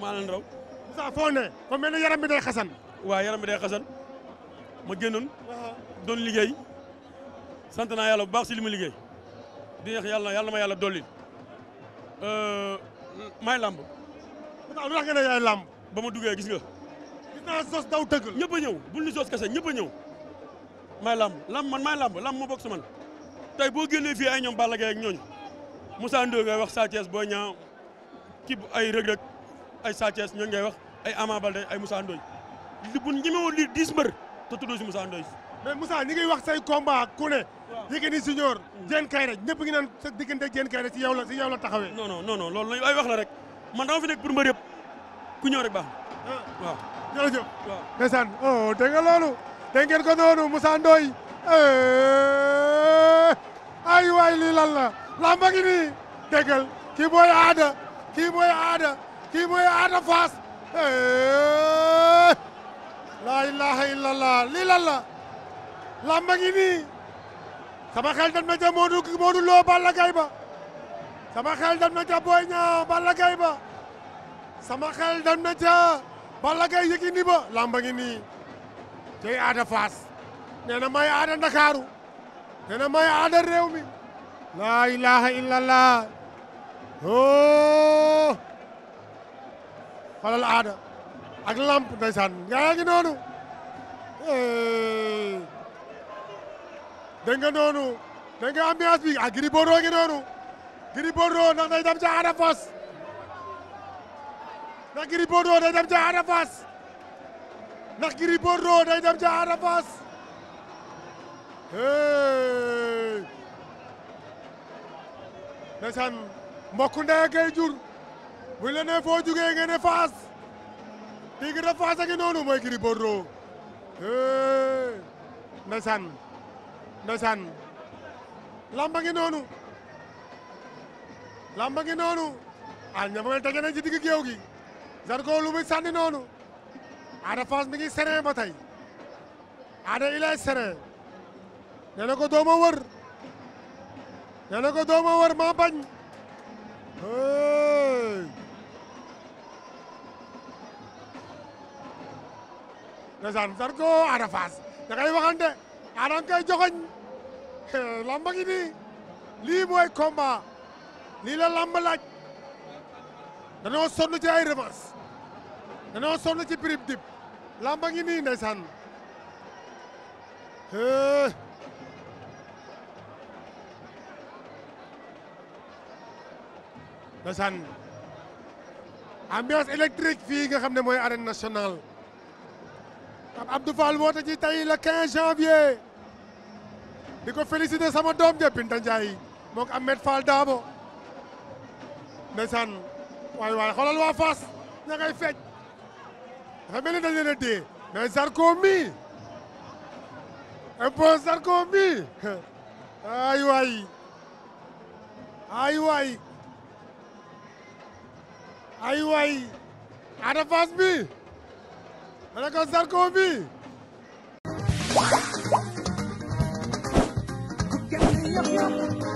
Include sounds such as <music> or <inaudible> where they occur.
maa leen raw. saa foo ne kon mel na yaram bi day xasan. waa yaram bi day xasan ma génnoon. doon liggéey sant naa yàlla bu baax si li mu liggéey. di neex yàlla yàlla ma yàlla dolli. maay làmb. waaw ba ma duggee gis nga. gis naa sos daw tëgg. ñëpp a ñëw bul ni sos kese ñëpp a ñëw. maay làmb man maay làmb làmb ma bokk man. tey boo génnee fii ay ñoom Balla Gaye ak ñooñu Moussa Ndoye ngay wax Sa Thiès Boy Niang kii ay Reug Reug ay Sa Thiès ñooñu ngay wax ay Ama Baldé ay Moussa Ndoye li bu ñemewoon li dix mbër te tuddoo si Moussa Ndoye mais Moussa ñi ngi wax say combat ku ne Yékini Junior Diène Kaïré ñëpp ngi naan sa diggante Diène Kaïré si yow la si yow la taxawee non non non non loolu la ay man dama fi nekk ku ñëw rek baax na ah. waaw jërëjëf waaw ndeysaan oh dégg nga loolu dégg ay lii lan la laa ngi nii déggal kii mooy aada kii mooy aada kii mooy aada faas eh. laa ilaha illallah lii lan la laa ma ngi nii sama xel dem na ca Modou Modou Lo Balla Gaye ba sama xel dem Boy Niang Balla Gaye ba sama xel dem Balla Gaye Yékini ba laa ma ngi nii tey aada faas nee may aada Ndakaaru nee na may aada réew mi laa ilaha illallah oh xolal aada ak lamp ndeysaan yaa ngi noonu dégg noonu dégg nga bi ak Gris Bordeaux noonu Gris Bordeaux ndax day dem ca Ada Fass ndax Gris day dem ca Ada Fass ndax Gris day dem ca Ada ndeysaan mbokk ndey kay jur bu la ne foo jugee nga ne faas tigre faas a noonu mooy Gris Bordeaux ndeysaan ndeysaan lamba ngi noonu lamba ngi noonu a ñamamel daje nañ ci digg géew gi Zarko lu muy sànni noonu Ada Fass mi ngi serein ba tey Ada il est nee na ko doo ma wër nee na ko doo ma wër maa bañ ndeysaan Zarko Ada Fass da ngay waxante Ada nga koy lamba gi nii lii mooy combat lii la lamba laaj danoo sonn ci ay revanche danoo sonn ci prib dib lamba ngi nii ndeysaan ndeysaan ambiance électrique fii nga xam ne mooy arène nationale Pape Abdou Fall woote ji tey le 15 janvier di ko féliciter sama doom ja Binta Ndiaye moog Ahmed Fall Daabo ndeysaan waay waay xoolal waa Fass ña ngay fecc dafa mel ni dañ leen a dee mais Zarko mi impose Zarko mi <laughs> ay waay ay waay ay waay Ada Fass bi ma ne ko Zarko bi Yeah, yeah, yeah.